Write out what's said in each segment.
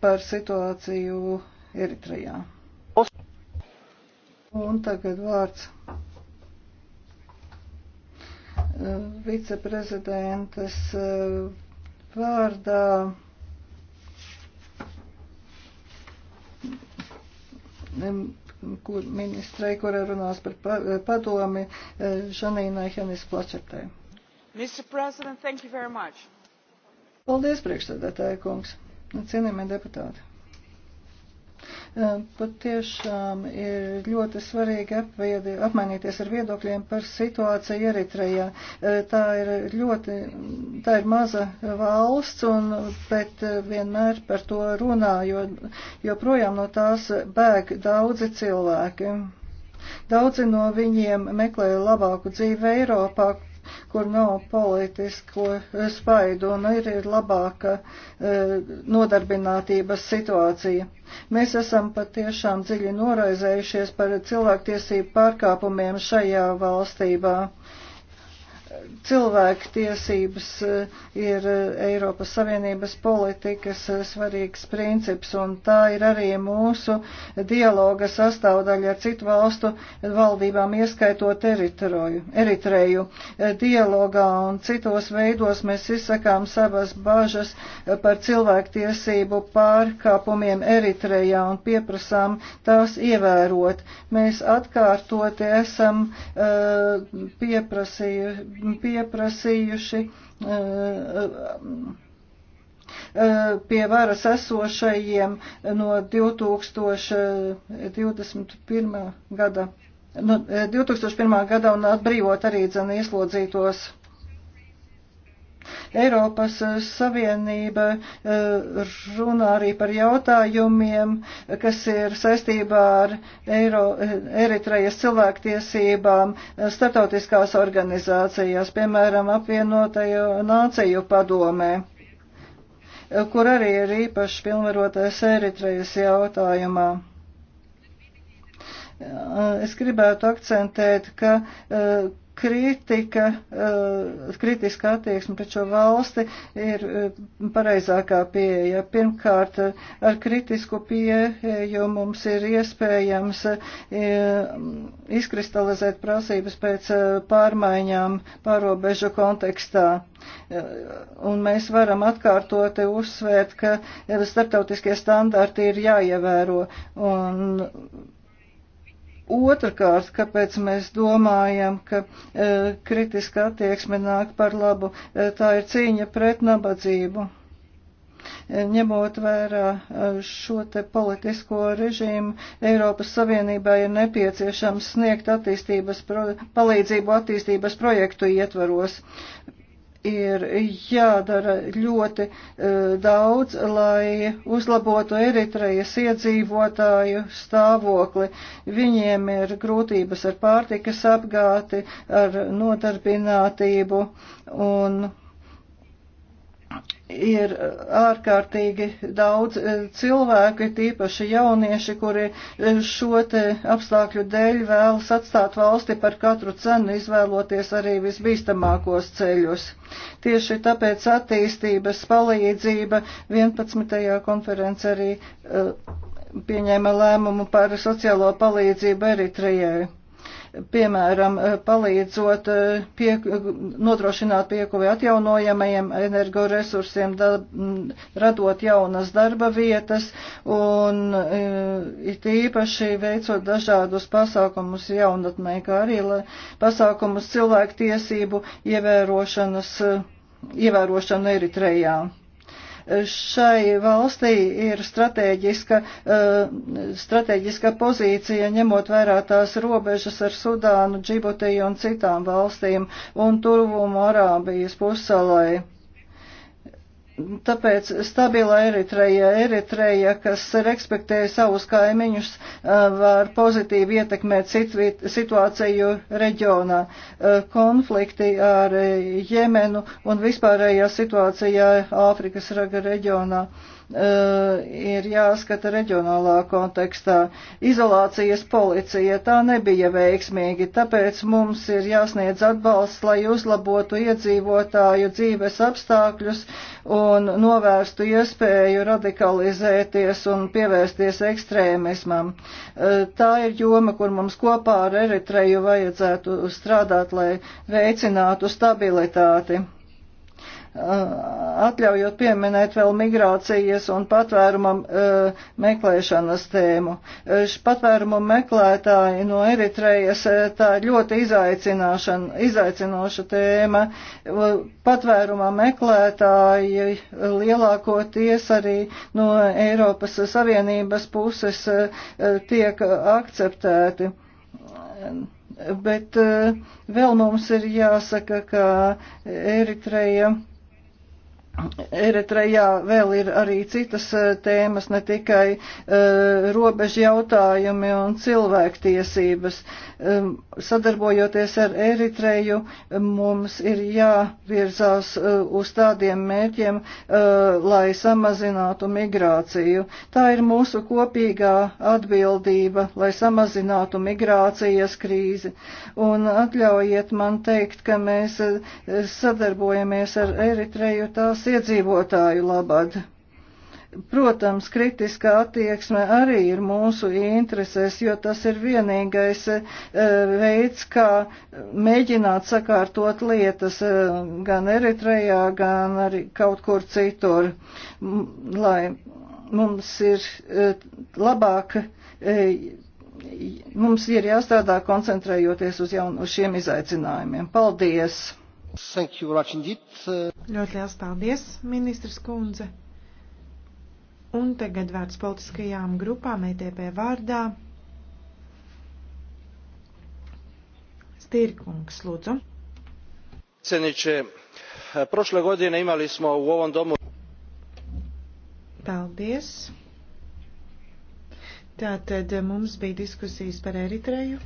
par situāciju Eritrejā. Un tagad vārds e, viceprezidentes e, vārdā. E, kur ministrei, kura runās par padomi, Žanīnai Henis Plačertē. Mr. President, thank you very much. Paldies, priekšsēdētāja kungs. Nu, cienījamie deputāti. Patiešām ir ļoti svarīgi apviedi, apmainīties ar viedokļiem par situāciju Eritrejā. Tā ir ļoti, tā ir maza valsts, un, bet vienmēr par to runā, jo, jo projām no tās bēg daudzi cilvēki. Daudzi no viņiem meklē labāku dzīvi Eiropā, kur nav politisko spaidu un ir, ir labāka e, nodarbinātības situācija. Mēs esam patiešām dziļi noraizējušies par cilvēktiesību pārkāpumiem šajā valstībā cilvēku tiesības eh, ir eh, Eiropas Savienības politikas eh, svarīgs princips, un tā ir arī mūsu dialoga sastāvdaļa ar citu valstu valdībām, ieskaitot Eritroju, Eritreju. Dialogā un citos veidos mēs izsakām savas bažas par cilvēku tiesību pārkāpumiem Eritrejā un pieprasām tās ievērot. Mēs atkārtoti esam uh, pieprasījuši pieprasījuši eh, eh, eh, pie varas esošajiem no 2021. gada, no 2001. gada un atbrīvot arī dzen ieslodzītos Eiropas eh, Savienība eh, runā arī par jautājumiem, kas ir saistībā ar Eiro, eh, Eritrejas cilvēktiesībām startautiskās organizācijās, piemēram, apvienotajo nāciju padomē kur arī ir īpaši pilnvarotais Eritrejas jautājumā. Es gribētu akcentēt, ka kritika, eh, kritiska attieksme pret šo valsti ir eh, pareizākā pieeja. Pirmkārt, ar kritisku pieeju mums ir iespējams eh, izkristalizēt prasības pēc pārmaiņām pārobežu kontekstā. Un mēs varam atkārtoti uzsvērt, ka starptautiskie standarti ir jāievēro. Un Otrakārt, kāpēc mēs domājam, ka e, kritiska attieksme nāk par labu, e, tā ir cīņa pret nabadzību. E, ņemot vērā e, šo te politisko režīmu, Eiropas Savienībā ir nepieciešams sniegt attīstības pro, palīdzību attīstības projektu ietvaros ir jādara ļoti e, daudz, lai uzlabotu Eritrejas iedzīvotāju stāvokli. Viņiem ir grūtības ar pārtikas apgāti, ar nodarbinātību un ir uh, ārkārtīgi daudz uh, cilvēku, tīpaši jaunieši, kuri uh, šo te apstākļu dēļ vēlas atstāt valsti par katru cenu, izvēloties arī visbīstamākos ceļus. Tieši tāpēc attīstības palīdzība 11. konference arī pieņēma lēmumu par sociālo palīdzību Eritrejai piemēram, eh, palīdzot eh, pie, eh, nodrošināt piekuvi atjaunojamajiem energoresursiem, da, radot jaunas darba vietas un it īpaši veicot dažādus pasākumus jaunatnē, kā arī pasākumus cilvēktiesību ievērošanas, ievērošanu Eritrejā. Šai valstī ir strateģiska, eh, strateģiska pozīcija, ņemot vērā tās robežas ar Sudānu, Džibutiju un citām valstīm un tuvumu Arābijas pusalai. Tāpēc stabila Eritreja, Eritreja, kas respektē savus kaimiņus, var pozitīvi ietekmēt situāciju reģionā. Konflikti ar Jemenu un vispārējā situācijā Āfrikas raga reģionā. Eh, ir jāskata reģionālā kontekstā. Izolācijas policija tā nebija veiksmīgi, tāpēc mums ir jāsniedz atbalsts, lai uzlabotu iedzīvotāju dzīves apstākļus un novērstu iespēju radikalizēties un pievērsties ekstrēmismam. Eh, tā ir joma, kur mums kopā ar Eritreju vajadzētu strādāt, lai veicinātu stabilitāti atļaujot pieminēt vēl migrācijas un patvēruma e, meklēšanas tēmu. E, Patvērumu meklētāji no Eritrejas e, tā ļoti izaicinoša tēma. Patvēruma meklētāji lielākoties arī no Eiropas Savienības puses tiek akceptēti bet vēl mums ir jāsaka, ka Eritreja Eritrejā vēl ir arī citas e, tēmas, ne tikai uh, robežu jautājumi un cilvēktiesības. Um, sadarbojoties ar Eritreju, mums ir jāvirzās uh, uz tādiem mērķiem, uh, lai samazinātu migrāciju. Tā ir mūsu kopīgā atbildība, lai samazinātu migrācijas krīzi. Un atļaujiet man teikt, ka mēs uh, sadarbojamies ar Eritreju tās Eiropas iedzīvotāju labad. Protams, kritiskā attieksme arī ir mūsu interesēs, jo tas ir vienīgais eh, veids, kā mēģināt sakārtot lietas eh, gan Eritrejā, gan arī kaut kur citur, lai mums ir eh, labāk, mums ir jāstrādā koncentrējoties uz, jaun, uz šiem izaicinājumiem. Paldies! Ļoti liels paldies, ministrs kundze. Un tagad vērts politiskajām grupām ETP vārdā. Stīrkungs, lūdzu. Ceniče, prošle godine imali smo u ovom domu. Paldies. Tātad mums bija diskusijas par Eritreju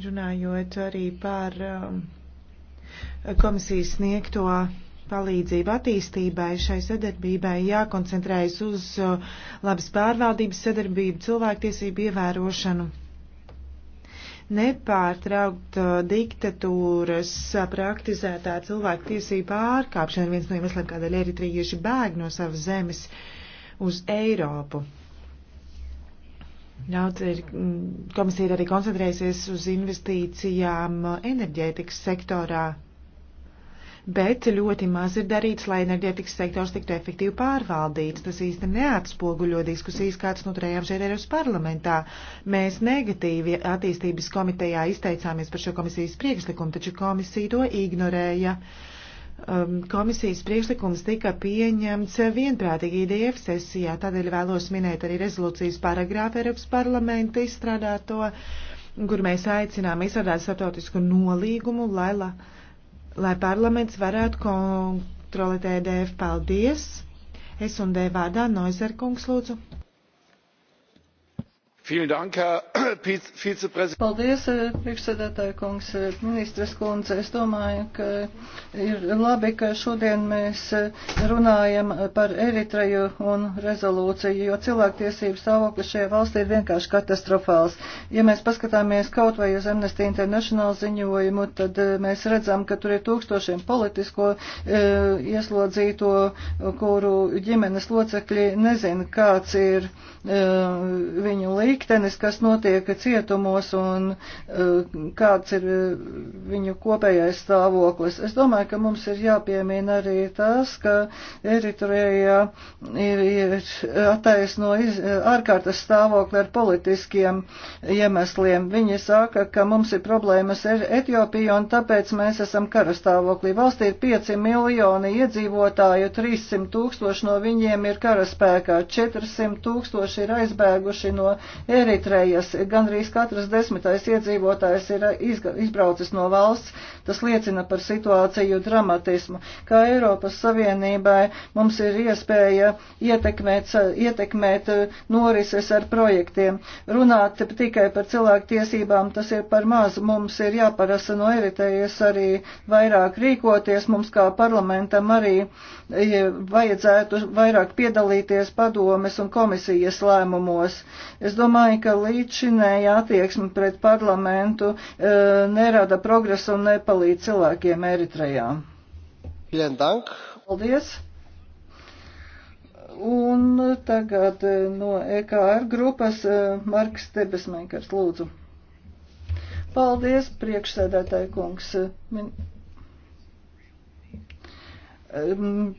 runājot arī par um, komisijas sniegto palīdzību attīstībai, šai sadarbībai jākoncentrējas uz uh, labas pārvaldības sadarbību, cilvēktiesību ievērošanu. Nepārtraukt uh, diktatūras uh, praktizētā cilvēktiesība pārkāpšana viens no iemesliem, kādēļ eritrieši bēg no savas zemes uz Eiropu. Daudz ir, mm, komisija ir arī koncentrējusies uz investīcijām enerģētikas sektorā, bet ļoti maz ir darīts, lai enerģētikas sektors tiktu efektīvi pārvaldīts. Tas īsti neatspoguļo diskusijas, kādas noturējām šeit Eiropas parlamentā. Mēs negatīvi attīstības komitejā izteicāmies par šo komisijas priekšlikumu, taču komisija to ignorēja. Uh, um, komisijas priekšlikums tika pieņemts vienprātīgi IDF sesijā, tādēļ vēlos minēt arī rezolūcijas paragrāfu Eiropas parlamenta izstrādāto, kur mēs aicinām izstrādāt starptautisku nolīgumu, lai, la, lai parlaments varētu kontrolēt EDF. Paldies! Es un D vārdā Noizerkungs lūdzu. Paldies, eh, priekšsēdētāja kungs, eh, ministres kundze. Es domāju, ka ir labi, ka šodien mēs eh, runājam par Eritreju un rezolūciju, jo cilvēktiesības stāvoklis šajā valstī ir vienkārši katastrofāls. Ja mēs paskatāmies kaut vai uz Amnesty International ziņojumu, tad mēs redzam, ka tur ir tūkstošiem politisko ieslodzīto, kuru ģimenes locekļi nezin, kāds ir viņu līdzekļi liktenis, kas notiek cietumos un eh, kāds ir eh, viņu kopējais stāvoklis. Es domāju, ka mums ir jāpiemina arī tas, ka Eritrejā ir, ir attaisno iz, ārkārtas stāvokli ar politiskiem iemesliem. Viņi saka, ka mums ir problēmas ar Etiopiju un tāpēc mēs esam karastāvoklī. Valstī ir 5 miljoni iedzīvotāju, 300 tūkstoši no viņiem ir karaspēkā, 400 tūkstoši ir aizbēguši no Eritrejas gandrīz katrs desmitais iedzīvotājs ir izbraucis no valsts, Tas liecina par situāciju dramatismu. Kā Eiropas Savienībai mums ir iespēja ietekmēt, ietekmēt eh, norises ar projektiem. Runāt tikai par cilvēku tiesībām tas ir par maz. Mums ir jāparasa no eritējas arī vairāk rīkoties. Mums kā parlamentam arī eh, vajadzētu vairāk piedalīties padomes un komisijas lēmumos. Es domāju, ka līdzšinēja attieksme pret parlamentu e, nerada progresu un nepa jāpalīdz cilvēkiem Eritrejā. Paldies! Un tagad eh, no EKR grupas eh, Marks Tebesmeikers, lūdzu. Paldies, priekšsēdētāji kungs. Min... Um,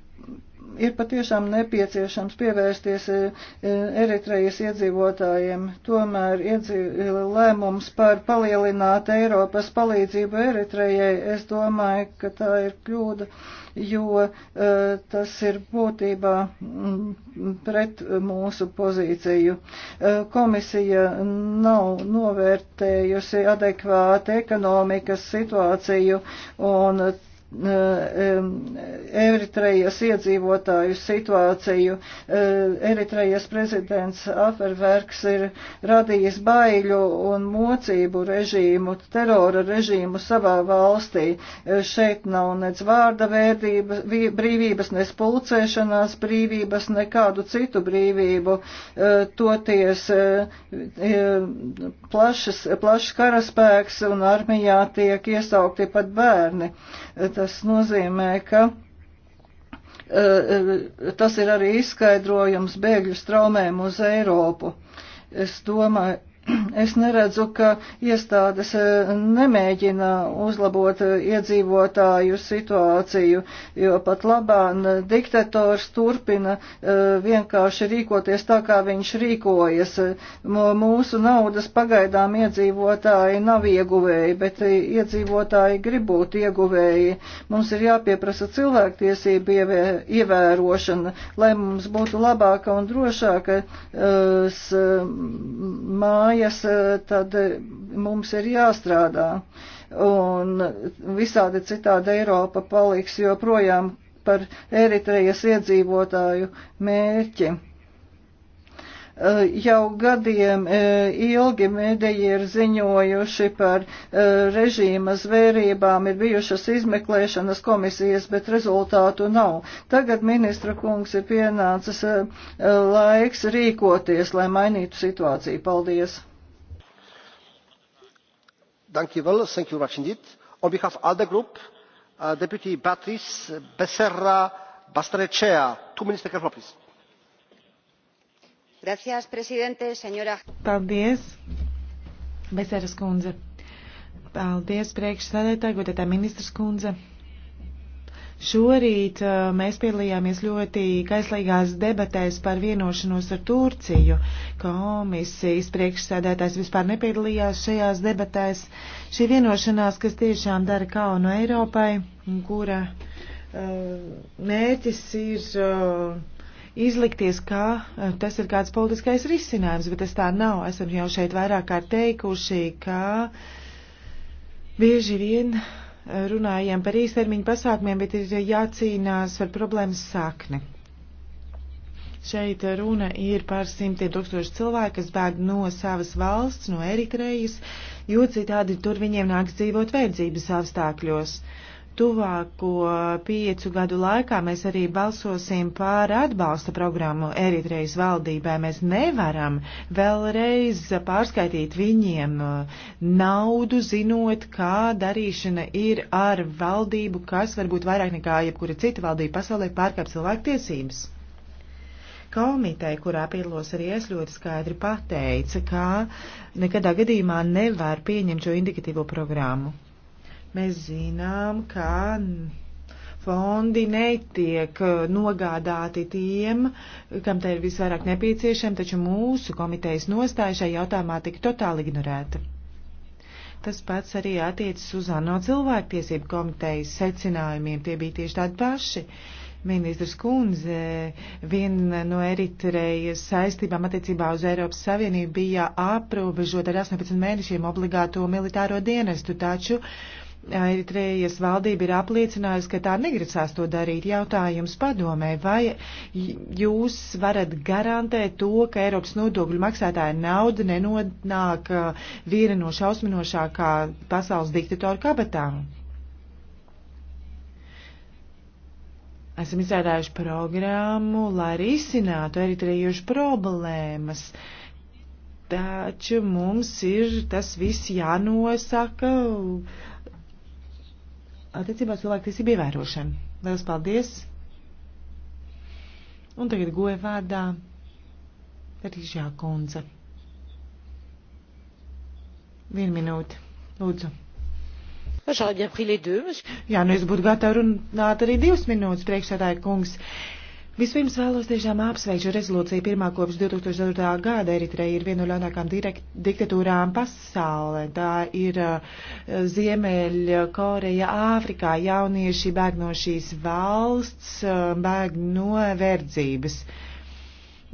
ir patiešām nepieciešams pievērsties e, e, Eritrejas iedzīvotājiem. Tomēr iedzīv, e, lēmums par palielināt Eiropas palīdzību Eritrejai, es domāju, ka tā ir kļūda, jo tas ir būtībā mm, pret mūsu pozīciju. Komisija nav novērtējusi adekvāti ekonomikas situāciju un Eritrejas iedzīvotāju situāciju. Eh, Eritrejas prezidents Aferverks ir radījis baiļu un mocību režīmu, terora režīmu savā valstī. Eh, Šeit nav nec vārda vērdības, brīvības, nec pulcēšanās brīvības, nekādu citu brīvību. Eh, toties plašs, plašs karaspēks un armijā tiek iesaukti pat bērni. Tā Tas nozīmē, ka eh, eh, tas ir arī izskaidrojums bēgļu straumēm uz Eiropu. Es domāju, Es neredzu, ka iestādes e, nemēģina uzlabot e, iedzīvotāju situāciju, jo pat labā diktators turpina e, vienkārši rīkoties tā, kā viņš rīkojas. Mūsu naudas pagaidām iedzīvotāji nav ieguvēji, bet iedzīvotāji grib būt ieguvēji. Mums ir jāpieprasa cilvēktiesību ievērošana, lai mums būtu labāka un drošāka māja mājas, e, tad mums ir jāstrādā. Un visādi citādi Eiropa paliks joprojām par Eritrejas iedzīvotāju mērķi. Jau gadiem e, ilgi mēdēji ir ziņojuši par e, režīma zvērībām, ir bijušas izmeklēšanas komisijas, bet rezultātu nav. Tagad ministra kungs ir pienācis e, laiks rīkoties, lai mainītu situāciju. Paldies! Thank you well. Thank you very much indeed. On behalf of ALDE Group, uh, Deputy Beatrice Becerra Bastarecea, two minutes, please. Gracias, prezidente, senora. Paldies, Beseras kundze. Paldies, priekšsēdētāji, godētā ministras kundze. Šorīt uh, mēs piedalījāmies ļoti kaislīgās debatēs par vienošanos ar Turciju. Komisijas priekšsēdētājs vispār nepiedalījās šajās debatēs. Šī vienošanās, kas tiešām dara kaunu Eiropai, kura uh, mērķis ir. Uh, izlikties, ka eh, tas ir kāds politiskais risinājums, bet tas tā nav. Esam jau šeit vairāk kārt teikuši, ka bieži vien eh, runājam par īstermiņu pasākumiem, bet ir jācīnās par problēmas sākni. Šeit eh, runa ir par simtiem tūkstošu cilvēku, kas bēg no savas valsts, no Eritrejas, jo citādi tur viņiem nāks dzīvot vērdzības apstākļos. Uh, Tuvāko piecu gadu laikā mēs arī balsosim par atbalsta programmu Eritrejas valdībai. Mēs nevaram vēlreiz pārskaitīt viņiem naudu, zinot, kā darīšana ir ar valdību, kas varbūt vairāk nekā jebkura cita valdība pasaulē pārkāp cilvēktiesības. Komiteja, kurā piedalos arī es, ļoti skaidri pateica, ka nekadā gadījumā nevar pieņemt šo indikatīvo programmu Mēs zinām, ka fondi netiek uh, nogādāti tiem, kam tā ir visvairāk nepieciešama, taču mūsu komitejas nostāja šajā jautājumā tika totāli ignorēta. Tas pats arī attiecas uz ANO cilvēktiesību komitejas secinājumiem, tie bija tieši tādi paši. Ministrs Kunze, viena no Eritrejas saistībām attiecībā uz Eiropas Savienību bija aprobežot ar 18 mēnešiem obligāto militāro dienestu, taču uh, Eritrejas valdība ir apliecinājusi, ka tā negrasās to darīt. Jautājums padomē, vai jūs varat garantēt to, ka Eiropas nodokļu maksātāja nauda nenonāk uh, viena no šausminošākā pasaules diktatora kabatām? Esam izstrādājuši programmu, lai risinātu eritriešu problēmas. Taču mums ir tas viss jānosaka. Uh, attiecībā cilvēku tiesību ievērošanu. Lielas paldies! Un tagad goja vārdā Rīžā kundze. Vienu minūti, lūdzu. Jā, nu es būtu gatava runāt arī divas minūtes priekšsēdāja kungs. Uh, Vispirms vēlos tiešām apsveikt šo rezolūciju pirmā kopš 2004. gada. Eritreja ir viena no ļaunākām diktatūrām pasaulē. Tā ir uh, Ziemeļa Koreja Āfrikā. Jaunieši bēg no šīs valsts, uh, bēg no verdzības.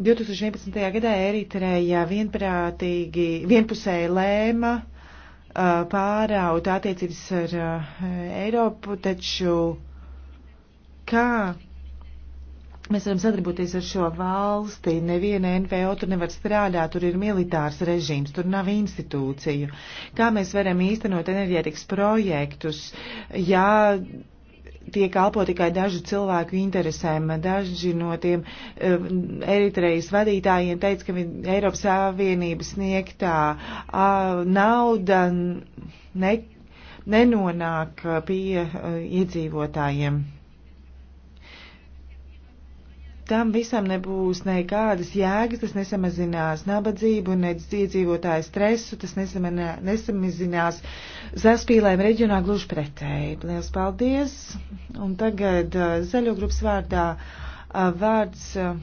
2011. gadā Eritreja vienprātīgi, vienpusēji lēma uh, pāraut attiecības ar Eiropu, taču kā Mēs varam sadarboties ar šo valsti. Neviena NVO tur nevar strādāt, tur ir militārs režīms, tur nav institūciju. Kā mēs varam īstenot enerģētikas projektus, ja tie kalpo tikai dažu cilvēku interesēm. Daži no tiem um, Eritrejas vadītājiem teica, ka Eiropas Savienības sniegtā uh, nauda ne, nenonāk pie uh, iedzīvotājiem tam visam nebūs nekādas jēgas, tas nesamazinās nabadzību, nec iedzīvotāju stresu, tas nesamazinās zaspīlēm reģionā gluži pretēji. Liels paldies! Un tagad uh, zaļo grupas vārdā uh, vārds uh,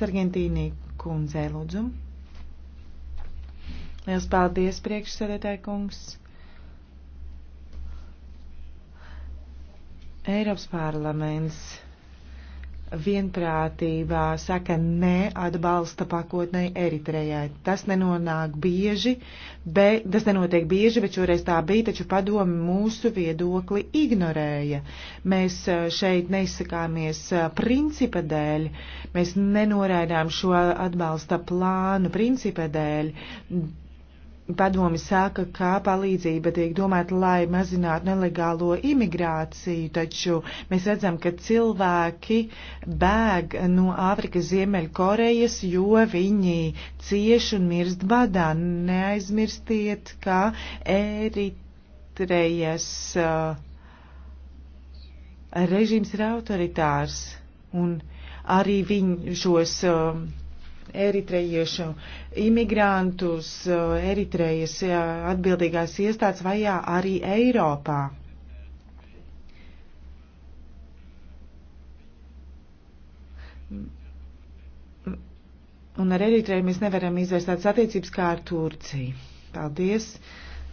Sargentīnī kundzē lūdzu. Liels paldies, priekšsēdētāji kungs! Eiropas parlaments vienprātībā saka nē atbalsta pakotnei Eritrejai. Tas nenonāk bieži, bet, tas nenotiek bieži, bet šoreiz tā bija, taču padomi mūsu viedokli ignorēja. Mēs e, šeit neizsakāmies e, principa dēļ, mēs nenoraidām šo atbalsta plānu principa dēļ padomi saka, ka palīdzība tiek domāta, lai mazinātu nelegālo imigrāciju, taču mēs redzam, ka cilvēki bēg no Āfrikas Ziemeļkorejas, jo viņi cieši un mirst badā. Neaizmirstiet, ka Eritrejas uh, režīms ir autoritārs un arī viņu šos. Uh, eritrejiešu imigrantus eh, Eritrejas eh, atbildīgās iestādes vajā arī Eiropā. Un ar Eritreju mēs nevaram izvērst tādas attiecības kā ar Turciju. Paldies!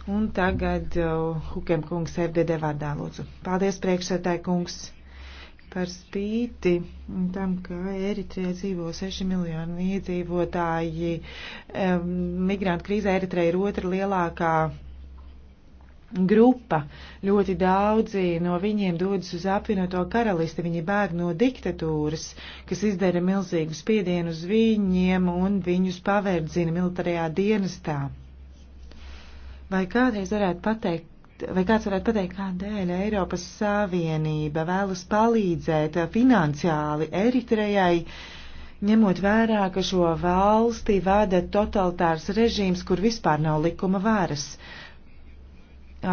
Un tagad uh, Hukem kungs FDD vārdā lūdzu. Paldies, priekšsētāji kungs! par spīti tam, ka Eritrejā dzīvo 6 miljoni iedzīvotāji, migrantu krīze Eritreja ir otra lielākā grupa. Ļoti daudzi no viņiem dodas uz apvienoto karalisti, viņi bēg no diktatūras, kas izdara milzīgu spiedienu uz viņiem un viņus paverdzina militārajā dienestā. Vai kādreiz varētu pateikt, Vai kāds varētu pateikt, kādēļ Eiropas Savienība vēlas palīdzēt finansiāli Eritrejai, ņemot vērā, ka šo valsti vada totalitārs režīms, kur vispār nav likuma varas?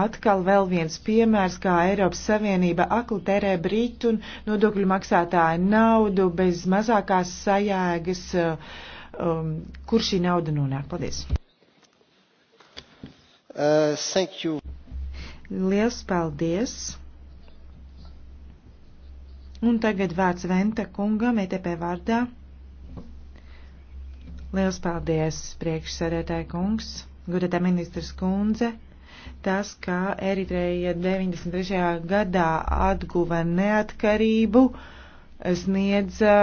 Atkal vēl viens piemērs, kā Eiropas Savienība akli terē Britu un nodokļu maksātāju naudu bez mazākās sajēgas, um, kur šī nauda nonāk. Paldies! Uh, thank you. Liels paldies! Un tagad vārds Venta kungam, ETP vārdā. Liels paldies, priekšsēdētāja kungs, gudētā ministrs kundze. Tas, kā Eritreja 93. gadā atguva neatkarību, sniedza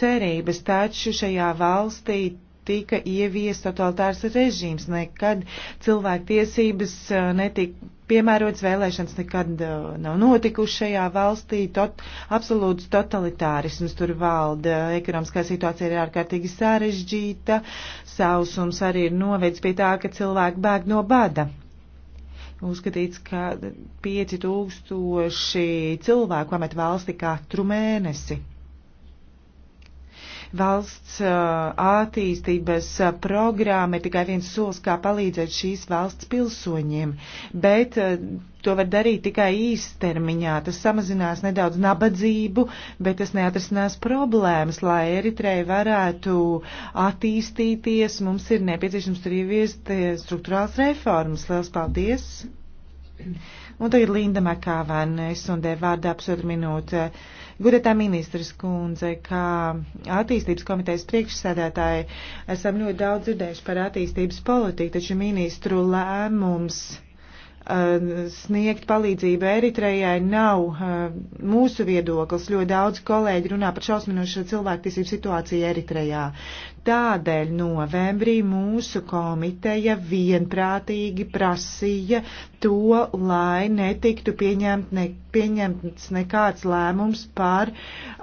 cerības, taču šajā valstī tika ievies totalitārs režīms, nekad cilvēktiesības uh, netika piemērots, vēlēšanas nekad uh, nav notikušas šajā valstī, tot, absolūts totalitārisms tur valda, ekonomiskā situācija ir ārkārtīgi sarežģīta, sausums arī ir novedis pie tā, ka cilvēki bēg no bada. Uzskatīts, ka 5000 cilvēku pamet valsti katru mēnesi. Valsts uh, attīstības uh, programma ir tikai viens solis, kā palīdzēt šīs valsts pilsoņiem, bet uh, to var darīt tikai īstermiņā. Tas samazinās nedaudz nabadzību, bet tas neatrisinās problēmas. Lai Eritreja varētu attīstīties, mums ir nepieciešams tur ieviest eh, struktūrāls reformas. Lielas paldies! Un tagad Linda Makāvēna, es un tev vārdā pusotru minūti. Gudetā ministras kundze, kā attīstības komitejas priekšsēdētāji, esam ļoti daudz dzirdējuši par attīstības politiku, taču ministru lēmums uh, sniegt palīdzību Eritrejai nav uh, mūsu viedoklis. Ļoti daudz kolēģi runā par šausminošo cilvēktiesību situāciju Eritrejā. Tādēļ novembrī mūsu komiteja vienprātīgi prasīja to, lai netiktu pieņemt, ne, pieņemts nekāds lēmums par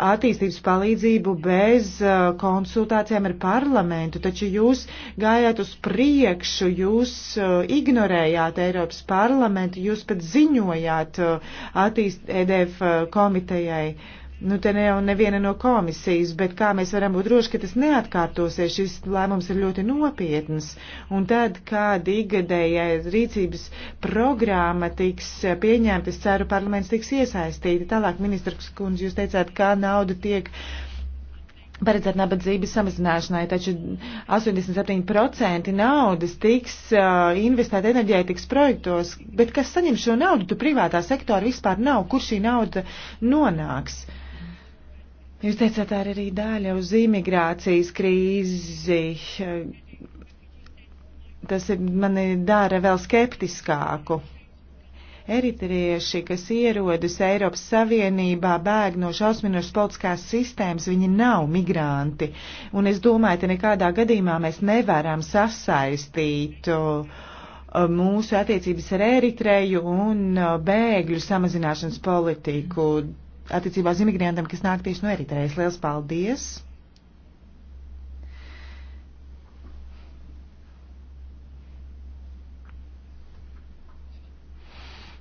attīstības palīdzību bez uh, konsultācijām ar parlamentu, taču jūs gājāt uz priekšu, jūs uh, ignorējāt Eiropas parlamentu, jūs pat ziņojāt uh, attīst EDF uh, komitejai. Uh, Nu, te nav neviena no komisijas, bet kā mēs varam būt droši, ka tas neatkārtosies, šis lēmums ir ļoti nopietns. Un tad, kad ikgadējā rīcības programma tiks pieņemta, es ceru, parlaments tiks iesaistīti. Tālāk, ministrs kundze, jūs teicāt, kā nauda tiek paredzēt nabadzības samazināšanai, taču 87% naudas tiks uh, investēt enerģētikas projektos, bet kas saņem šo naudu, tu privātā sektora vispār nav, kur šī nauda nonāks. Uh, Jūs teicāt, tā ir arī daļa uz imigrācijas krīzi. Tas ir, mani dara vēl skeptiskāku. Eritrieši, kas ierodas Eiropas Savienībā, bēg no šausminošas politiskās sistēmas, viņi nav migranti. Un es domāju, ka nekādā gadījumā mēs nevaram sasaistīt uh, mūsu attiecības ar Eritreju un uh, bēgļu samazināšanas politiku. Mm attiecībā uz imigrantiem, kas nāk tieši no Eritrejas. Liels paldies!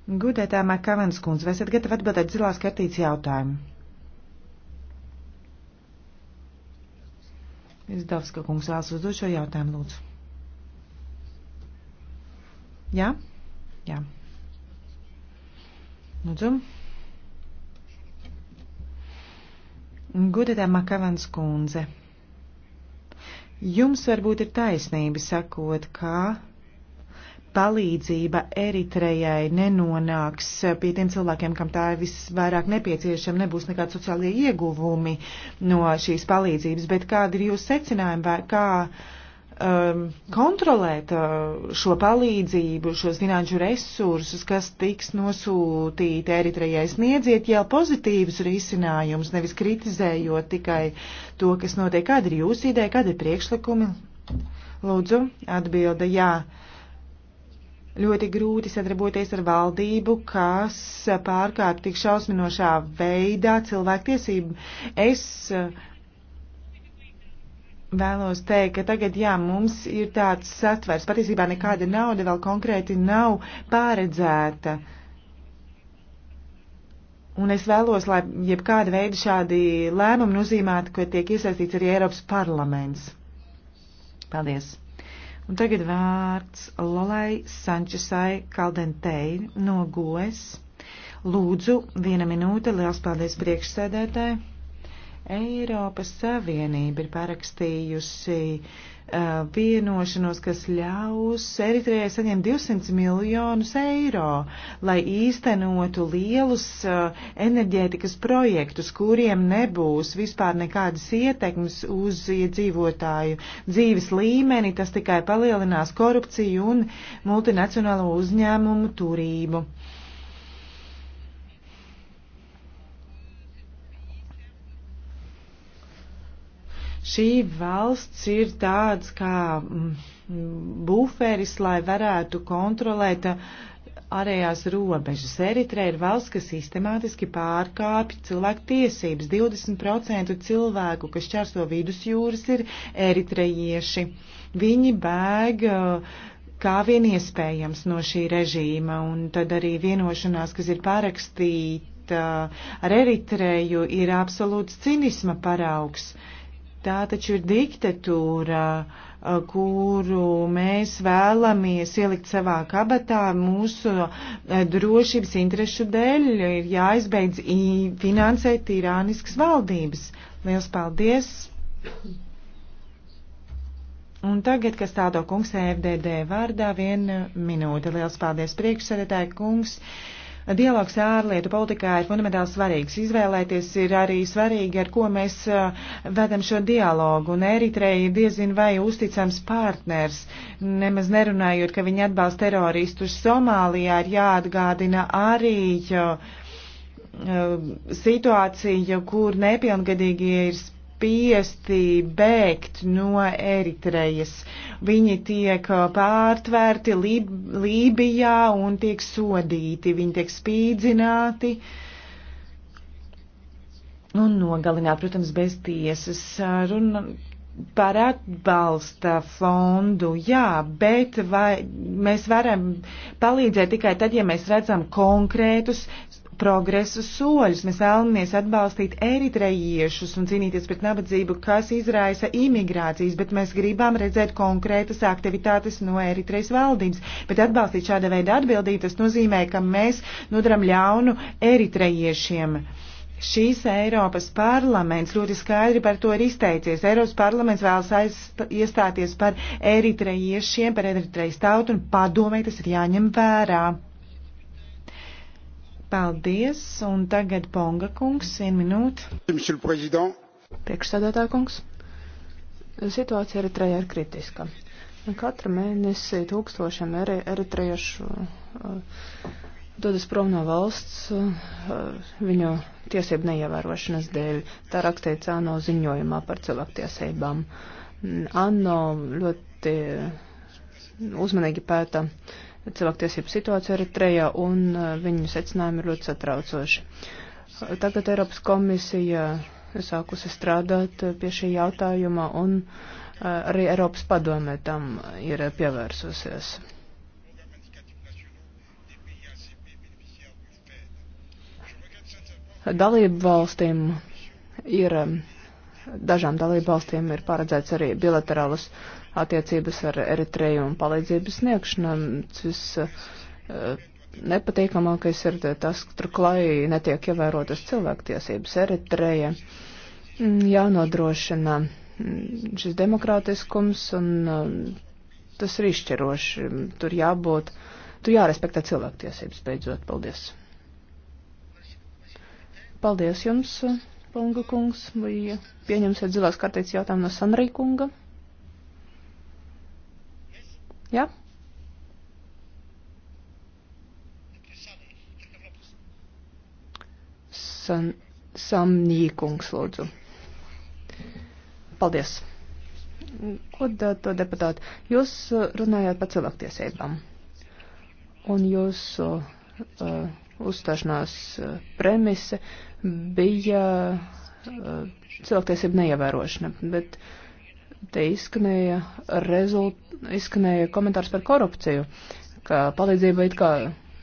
Gudētā Makavens kundze, vai esat gatavi atbildēt zilās kartītes jautājumu? Izdavska kungs vēlas uzdot šo jautājumu, lūdzu. Jā? Jā. Lūdzu. Gudetā Makavans kundze. Jums varbūt ir taisnība sakot, ka palīdzība Eritrejai nenonāks pie tiem cilvēkiem, kam tā ir visvairāk nepieciešama, nebūs nekādi sociālie ieguvumi no šīs palīdzības, bet kādi ir jūsu secinājumi, vai kā um, kontrolēt uh, šo palīdzību, šos finanšu resursus, kas tiks nosūtīti Eritrejai. Sniedziet jau pozitīvus risinājumus, nevis kritizējot tikai to, kas notiek. Kāda ir jūsu ideja, kāda ir priekšlikumi? Lūdzu, atbilda jā. Ļoti grūti sadarboties ar valdību, kas pārkāp tik šausminošā veidā cilvēktiesību. Es uh, vēlos teikt, ka tagad, jā, mums ir tāds satvers, patiesībā nekāda nauda vēl konkrēti nav pāredzēta. Un es vēlos, lai jebkāda veida šādi lēmumi nozīmētu, ka tiek iesaistīts arī Eiropas parlaments. Paldies! Un tagad vārds Lolai Sančesai Kaldentei no Goes. Lūdzu, viena minūte, liels paldies priekšsēdētāji! Eiropas Savienība ir parakstījusi uh, vienošanos, kas ļaus Eritrejai saņemt 200 miljonus eiro, lai īstenotu lielus uh, enerģētikas projektus, kuriem nebūs vispār nekādas ietekmes uz iedzīvotāju dzīves līmeni, tas tikai palielinās korupciju un multinacionālo uzņēmumu turību. Uh, Šī valsts ir tāds kā mm, buferis, lai varētu kontrolēt arējās robežas. Eritreja ir valsts, kas sistemātiski pārkāpj cilvēku tiesības. 20% cilvēku, kas čērso vidusjūras, ir eritrejieši. Viņi bēg uh, kā vien iespējams no šī režīma, un tad arī vienošanās, kas ir pārakstīta uh, ar Eritreju, ir absolūts cinisma paraugs. Tā taču ir diktatūra, eh, kuru mēs vēlamies ielikt savā kabatā mūsu eh, drošības interešu dēļ. Ir jāizbeidz finansēt irāniskas valdības. Liels paldies! Un tagad, kas tādo kungs EFDD vārdā, viena minūte. Liels paldies priekšsēdētāji kungs. Uh, Dialogs ārlietu politikā ir fundamentāli svarīgs. Izvēlēties ir arī svarīgi, ar ko mēs vedam šo dialogu. Un Eritreja diezin vai uzticams partners, nemaz nerunājot, ka viņi atbalsta teroristus Somālijā, ir jāatgādina arī situācija, kur nepilngadīgie ir spiesti bēgt no Eritrejas. Viņi tiek uh, pārtvērti Lib Lībijā un tiek sodīti, viņi tiek spīdzināti un nogalināti, protams, bez tiesas. Uh, Runa par atbalsta fondu, jā, bet vai mēs varam palīdzēt tikai tad, ja mēs redzam konkrētus progresu soļus. Mēs vēlamies atbalstīt eritrejiešus un cīnīties pret nabadzību, kas izraisa imigrācijas, bet mēs gribam redzēt konkrētas aktivitātes no Eritrejas valdības. Bet atbalstīt šāda veida atbildību, tas nozīmē, ka mēs nodaram ļaunu eritrejiešiem. Šīs Eiropas parlaments ļoti skaidri par to ir izteicies. Eiropas parlaments vēlas aizst, iestāties par eritrejiešiem, par eritrejas tautu un padomē tas ir jāņem vērā. Paldies, un tagad Ponga kungs, vienu minūtu. Priekšsēdētā kungs. Situācija Eritrejā ir kritiska. Katru mēnesi tūkstošiem eritriešu uh, dodas prom no valsts uh, viņu tiesību neievērošanas dēļ. Tā rakstīts ANO ziņojumā par cilvēktiesībām. ANO ļoti uzmanīgi pēta cilvēktiesību situāciju Eritrejā, un uh, viņu secinājumi ir ļoti satraucoši. Tagad Eiropas komisija sākusi strādāt uh, pie šī jautājuma, un uh, arī Eiropas padomē tam ir pievērsusies. Dalību valstīm ir, um, dažām dalību valstīm ir paredzēts arī bilaterālas attiecības ar Eritreju un palīdzības sniegšana. Tas uh, nepatīkamākais ir tas, ka turklāj netiek ievērotas cilvēktiesības Eritreja. Mm, jānodrošina mm, šis demokrātiskums un uh, tas ir izšķiroši. Tur jābūt, tur jārespektē cilvēktiesības beidzot. Paldies! Paldies jums, Punga kungs, vai pieņemsiet zilās kartītes jautājumu no Sanrī kunga? Ja? San, samnīkums, lūdzu. Paldies. Godāto deputātu, jūs uh, runājāt par cilvēktiesībām. Un jūsu uh, uzstāšanās uh, premise bija uh, cilvēktiesība neievērošana. Bet uh, Te izskanēja, rezult, izskanēja komentārs par korupciju, ka palīdzība it kā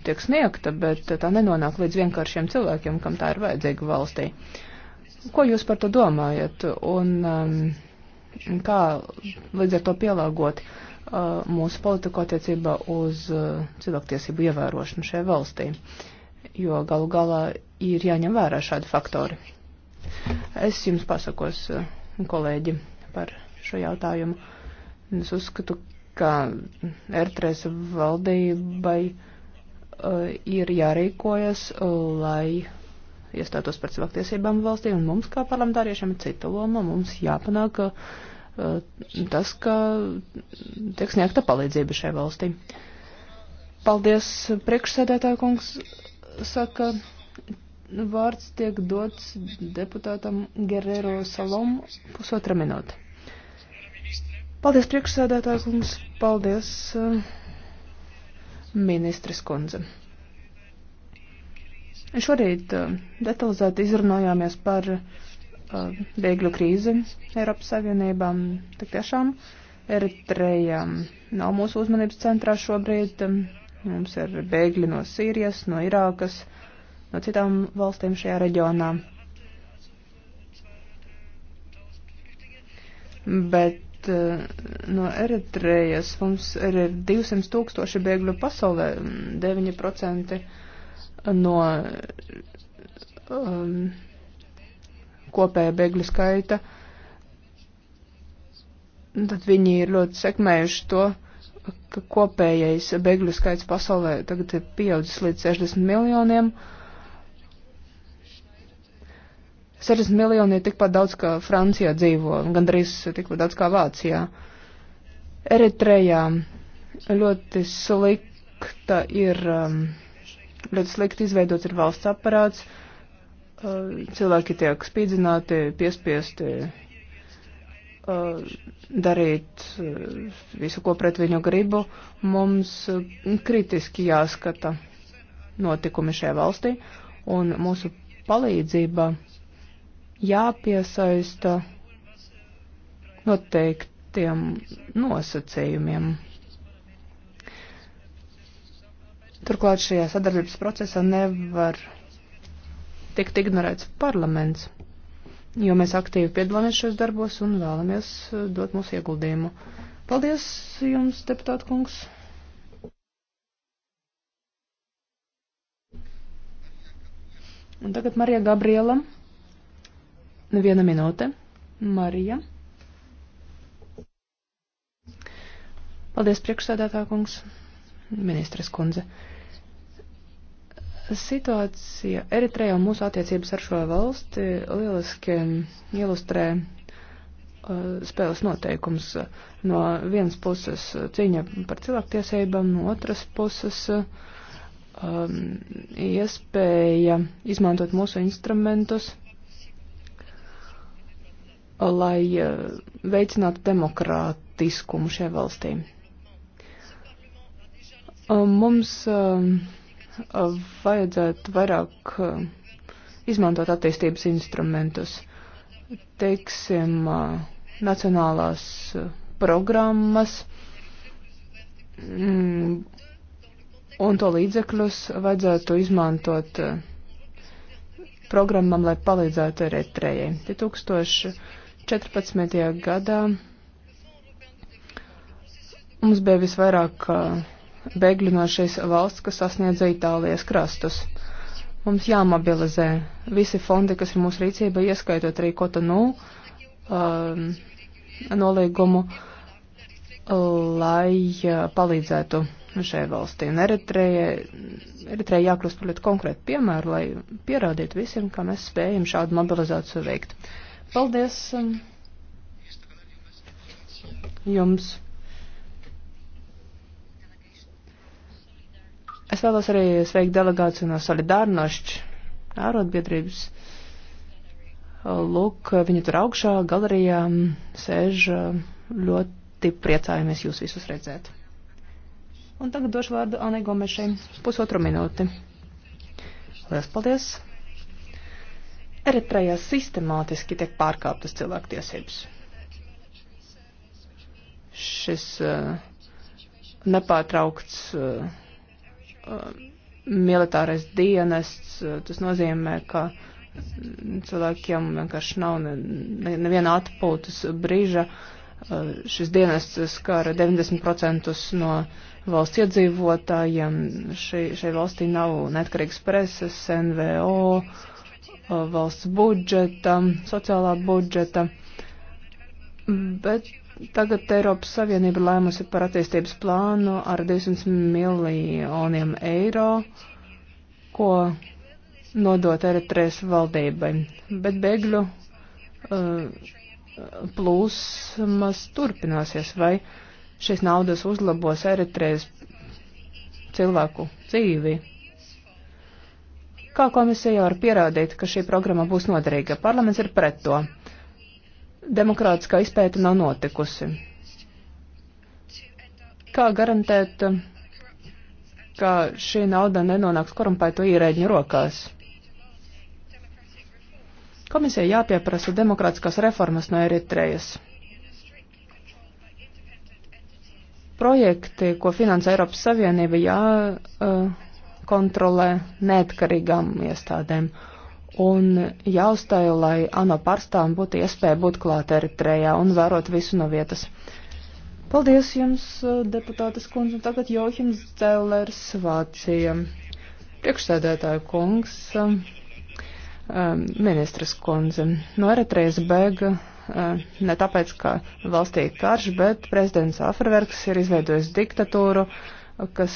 tiek sniegta, bet tā nenonāk līdz vienkāršiem cilvēkiem, kam tā ir vajadzīga valstī. Ko jūs par to domājat un um, kā līdz ar to pielāgot uh, mūsu politiku attiecībā uz uh, cilvēktiesību ievērošanu šajā valstī? Jo galu galā ir jāņem vērā šādi faktori. Es jums pasakos, uh, kolēģi, par šo jautājumu. Es uzskatu, ka RTS valdībai uh, ir jārīkojas, lai iestātos par cilvēktiesībām valstī, un mums kā parlamentāriešiem ir cita loma. Mums jāpanāk uh, tas, ka tiek sniegta palīdzība šai valstī. Paldies, priekšsēdētāja kungs. Saka, vārds tiek dots deputātam Gerero Salom pusotra minūte. Paldies, priekšsēdētāj, kungs. Paldies, eh, ministres kundze. Šorīt eh, detalizēti izrunājāmies par eh, bēgļu krīzi Eiropas Savienībā. Tik tiešām Eritreja nav mūsu uzmanības centrā šobrīd. Mums ir bēgļi no Sīrijas, no Irākas, no citām valstīm šajā reģionā. Bet Eh, no Eritrejas mums arī ir 200 tūkstoši bēgļu pasaulē, 9% mm, no um, kopēja bēgļu skaita. Tad viņi ir ļoti sekmējuši to, ka kopējais bēgļu skaits pasaulē tagad ir pieaudzis līdz 60 miljoniem. Uh, 60 miljoni ir tikpat daudz, kā Francijā dzīvo, gandrīz tikpat daudz kā Vācijā. Eritrejā ļoti slikta ir, um, ļoti slikti izveidots ir valsts aparāts, uh, cilvēki tiek spīdzināti, piespiesti uh, darīt uh, visu, ko pret viņu gribu, mums kritiski jāskata notikumi šajā valstī, un mūsu palīdzība jāpiesaista noteiktiem nosacījumiem. Turklāt šajā sadarbības procesā nevar tikt ignorēts parlaments, jo mēs aktīvi piedalāmies šos darbos un vēlamies uh, dot mūsu ieguldījumu. Paldies jums, deputāta kungs! Un tagad Marija Gabriela. Nu, viena minūte. Marija. Paldies, priekšsēdētā kungs, ministres kundze. Situācija Eritrejā un mūsu attiecības ar šo valsti lieliski ilustrē uh, spēles noteikums. No vienas puses cīņa par cilvēktiesībām, no otras puses um, iespēja izmantot mūsu instrumentus, lai eh, veicinātu demokrātiskumu šajā valstī. Eh, mums eh, vajadzētu vairāk izmantot attīstības instrumentus, teiksim, nacionālās programmas mm, un to līdzekļus vajadzētu izmantot programmam, lai palīdzētu Eritrejai. 2000 14. gadā mums bija visvairāk bēgļu no šīs valsts, kas sasniedza Itālijas krastus. Mums jāmobilizē visi fondi, kas ir mūsu rīcība, ieskaitot arī Kotonu um, nolīgumu, lai palīdzētu šai valstī. Un Eritreja jākļūst par ļoti konkrētu piemēru, lai pierādītu visiem, ka mēs spējam šādu mobilizāciju veikt. Uh, Paldies um, jums. Es vēlos arī sveikt delegāciju no Solidarnošķ, ārotbiedrības. Lūk, viņa tur augšā, galerijā um, sēž um, ļoti priecājamies jūs visus redzēt. Un tagad došu vārdu Anai Gomešai pusotru minūti. Lielas paldies! Eritrejā sistemātiski tiek pārkāptas cilvēktiesības. Šis uh, nepārtraukts uh, uh, militārais dienests, uh, tas nozīmē, ka cilvēkiem vienkārši nav ne, ne, neviena atpūtas brīža. Uh, šis dienests skara 90% no valsts iedzīvotājiem. Šai, šai valstī nav neatkarīgas preses, NVO. Uh, Uh, valsts budžeta, sociālā budžeta. Bet tagad Eiropas Savienība lēmusi par attīstības plānu ar 200 miljoniem eiro, ko nodot Eritrejas valdībai. Bet bēgļu uh, plūsmas turpināsies, vai šīs naudas uzlabos Eritrejas cilvēku dzīvi. Kā komisija var pierādīt, ka šī programma būs noderīga? Parlaments ir pret to. Demokrātiskā izpēta nav notikusi. Kā garantēt, ka šī nauda nenonāks korumpēto īrēģiņu rokās? Komisija jāpieprasa demokrātiskās reformas no Eritrejas. Projekti, ko finansē Eiropas Savienība, jā. Uh, jākontrolē neatkarīgām iestādēm. Un jāuzstāja, lai ANO pārstāvam būtu iespēja būt klāt Eritrejā un vērot visu no vietas. Paldies jums, eh, deputātes kundze, un tagad Johims Zellers, Vācija. Priekšsēdētāju kungs, eh, eh, ministras kundze, no Eritrejas bēga ne tāpēc, ka valstī ir karš, bet prezidents Aferverks ir izveidojis diktatūru, kas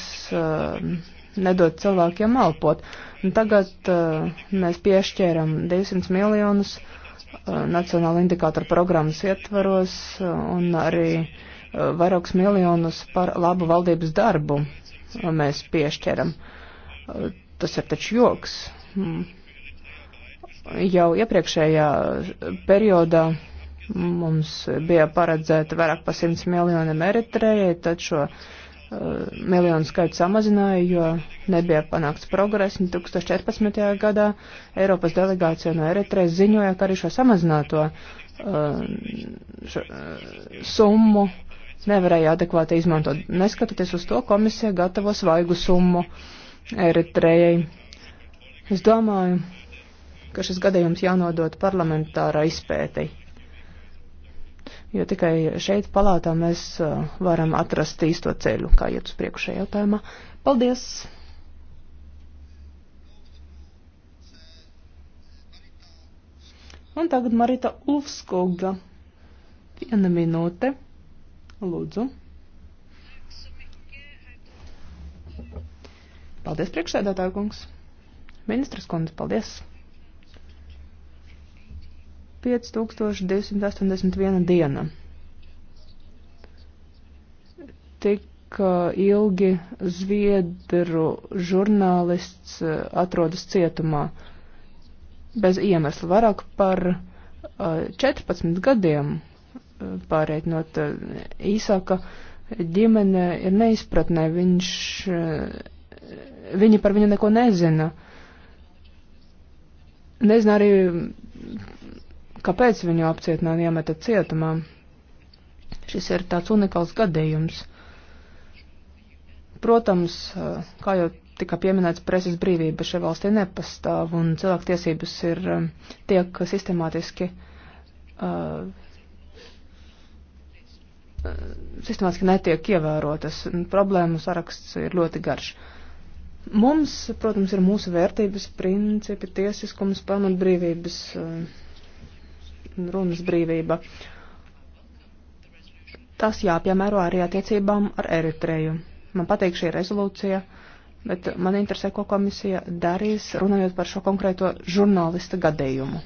nedot cilvēkiem elpot. Un tagad uh, mēs piešķēram 200 miljonus uh, Nacionāla indikātora programmas ietvaros uh, un arī uh, vairākus miljonus par labu valdības darbu uh, mēs piešķēram. Uh, tas ir taču joks. Mm. Jau iepriekšējā periodā mums bija paredzēta vairāk pa 100 miljoniem Eritrejai, taču uh, Eh, miljonu skaitu samazināja, jo nebija panākts progress. 2014. gadā Eiropas delegācija no Eritrejas ziņoja, ka arī šo samazināto eh, šo, eh, summu nevarēja adekvāti izmantot. Neskatoties uz to, komisija gatavo svaigu summu Eritrejai. Es domāju, ka šis gadījums jānodot parlamentārā izpētei jo tikai šeit palātā mēs uh, varam atrast īsto ceļu, kā iet uz priekšējā jautājumā. Paldies! Un tagad Marita Ulfskoga. Viena minūte. Lūdzu. Paldies, priekšsēdētāju kungs. Ministras kundze, paldies. 5281 diena. Tik uh, ilgi zviedru žurnālists uh, atrodas cietumā bez iemesla vairāk par 14 uh, gadiem pārējot no īsāka ģimene ir neizpratnē, viņš, viņi par viņu neko nezina. Nezina arī Kāpēc viņu apcietināja un iemeta cietumā? Šis ir tāds unikāls gadījums. Protams, kā jau tika pieminēts, preses brīvība šajā valstī nepastāv, un cilvēktiesības ir tiek sistemātiski, uh, sistemātiski netiek ievērotas. Problēmu saraksts ir ļoti garš. Mums, protams, ir mūsu vērtības, principi, tiesiskums, pamatbrīvības. Uh, runas brīvība. Tas jāpiemēro arī attiecībām ar Eritreju. Man patīk šī rezolūcija, bet man interesē, ko komisija darīs, runājot par šo konkrēto žurnālista gadījumu.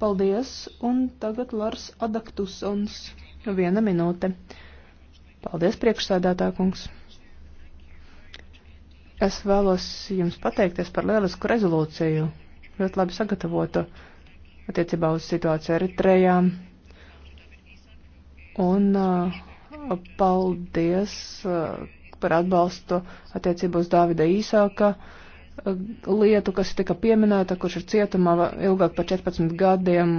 Paldies, un tagad Lars Adaktusons. Viena minūte. Paldies, priekšsēdētā kungs. Es vēlos jums pateikties par lielisku rezolūciju, ļoti labi sagatavotu attiecībā uz situāciju Eritrejā. Un uh, paldies uh, par atbalstu attiecībā uz Dāvida īsāka uh, lietu, kas tika pieminēta, kurš ir cietumā ilgāk par 14 gadiem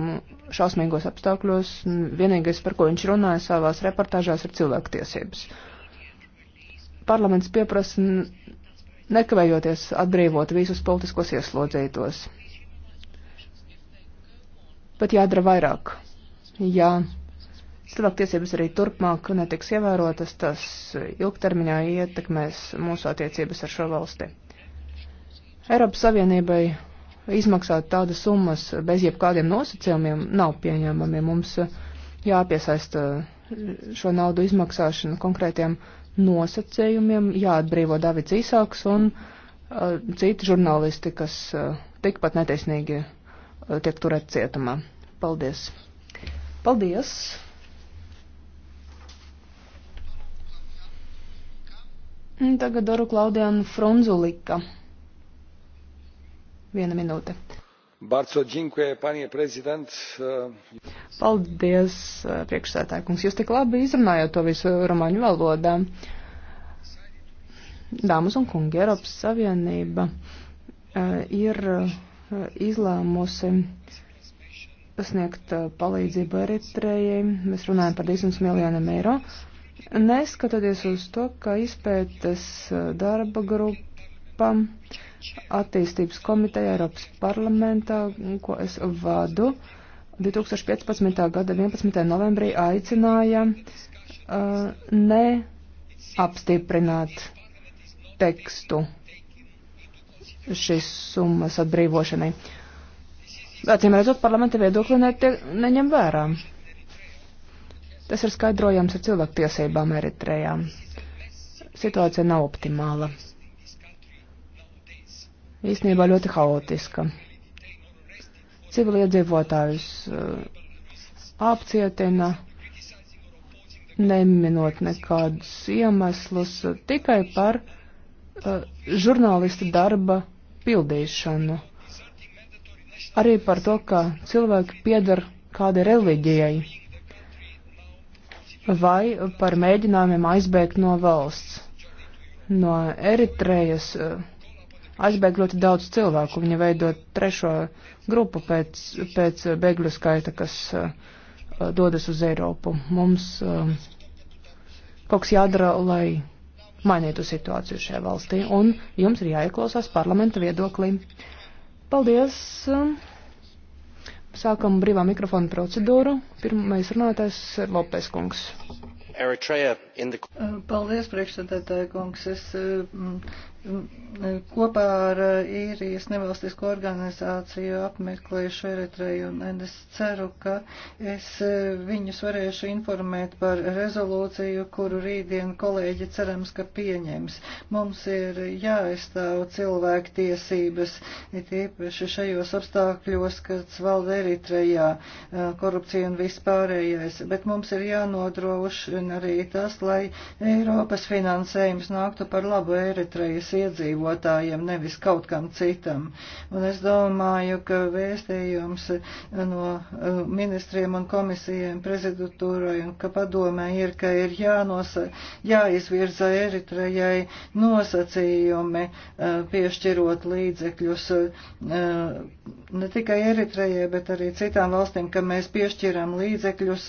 šausmīgos apstākļos. Vienīgais, par ko viņš runāja savās reportāžās, ir cilvēktiesības. Parlaments pieprasa nekavējoties atbrīvot visus politiskos ieslodzītos bet jādara vairāk. Ja cilvēktiesības arī turpmāk netiks ievērotas, tas ilgtermiņā ietekmēs mūsu attiecības ar šo valsti. Eiropas Savienībai izmaksāt tādas summas bez jebkādiem nosacījumiem nav pieņemami. Mums jāpiesaista šo naudu izmaksāšanu konkrētiem nosacījumiem, jāatbrīvo Davids Īsāks un uh, citi žurnālisti, kas uh, tikpat netaisnīgi tiek turēt cietumā. Paldies! Paldies! Tagad Doru Klaudijanu Frunzulika. Viena minūte. Barco džinkuē, panie prezident. Paldies, priekšsētājkungs. Jūs tik labi izrunājot to visu romāņu valodā. Dāmas un kungi, Eiropas Savienība eh, ir izlēmusi sniegt uh, palīdzību Eritrejai. Mēs runājam par 200 miljoniem eiro. Neskatoties uz to, ka izpētes uh, darba grupa attīstības komiteja Eiropas parlamentā, ko es vadu, 2015. gada 11. novembrī aicināja uh, neapstiprināt tekstu šīs summas atbrīvošanai. Acīm redzot, parlamenta viedokli netiek, neņem vērā. Tas ir skaidrojams ar cilvēktiesībām Eritrejā. Situācija nav optimāla. Īsnībā ļoti haotiska. Civiliedzīvotājus eh, apcietina, neminot nekādus iemeslus, tikai par uh, eh, žurnālistu darba pildīšanu. Arī par to, ka cilvēki piedar kādai reliģijai vai par mēģinājumiem aizbēgt no valsts. No Eritrejas eh, aizbēg ļoti daudz cilvēku. Viņi veido trešo grupu pēc, pēc bēgļu skaita, kas eh, dodas uz Eiropu. Mums eh, kaut kas jādara, lai mainītu situāciju šajā valstī, un jums ir jāieklausās parlamenta viedoklī. Paldies! Sākam brīvā mikrofona procedūru. Pirmais runātājs ir Lopes kungs. Eritrea in the... Paldies, priekšsēdētāja kungs. Es mm, Kopā ar īrijas nevalstisko organizāciju apmeklējuši Eritreju, un es ceru, ka es e, viņus varēšu informēt par rezolūciju, kuru rītdien kolēģi cerams, ka pieņems. Mums ir jāaizstāv cilvēku tiesības, it īpaši šajos apstākļos, kas valda Eritrejā, e, korupcija un vispārējais, bet mums ir jānodrošina arī tas, lai Eiropas finansējums nāktu par labu Eritrejas iedzīvotājiem, nevis kaut kam citam. Un es domāju, ka vēstījums no eh, ministriem un komisijiem, prezidentūrai un ka padomē ir, ka ir jānosa, jāizvirza Eritrejai nosacījumi eh, piešķirot līdzekļus eh, ne tikai Eritrejai, bet arī citām valstīm, ka mēs piešķiram līdzekļus,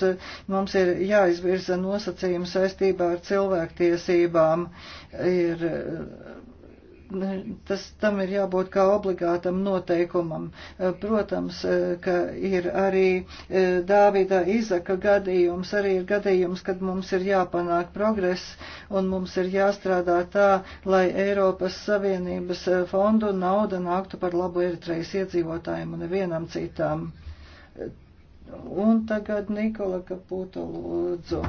mums ir jāizvirza nosacījumi saistībā ar cilvēktiesībām. Ir, tas tam ir jābūt kā obligātam noteikumam. Eh, protams, eh, ka ir arī eh, Dāvida Izaka gadījums, arī ir gadījums, kad mums ir jāpanāk progress un mums ir jāstrādā tā, lai Eiropas Savienības fondu nauda nāktu par labu Eritrejas iedzīvotājiem un nevienam citām. Un tagad Nikola Kaputo lūdzu.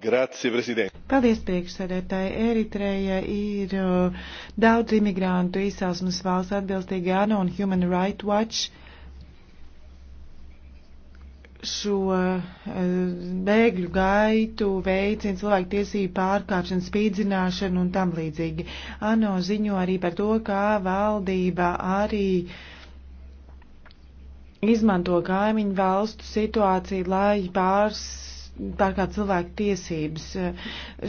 Grazie, prezident. Paldies, priekšsēdētāji. Eritreja ir uh, daudz imigrantu izcelsmes valsts atbilstīgi ANO un Human Rights Watch šo uh, bēgļu gaitu veicina cilvēku tiesību pārkāpšanu, spīdzināšanu un tam līdzīgi. ANO ziņo arī par to, kā valdība arī izmanto kaimiņu valstu situāciju, lai pārs pārkāpt cilvēku tiesības.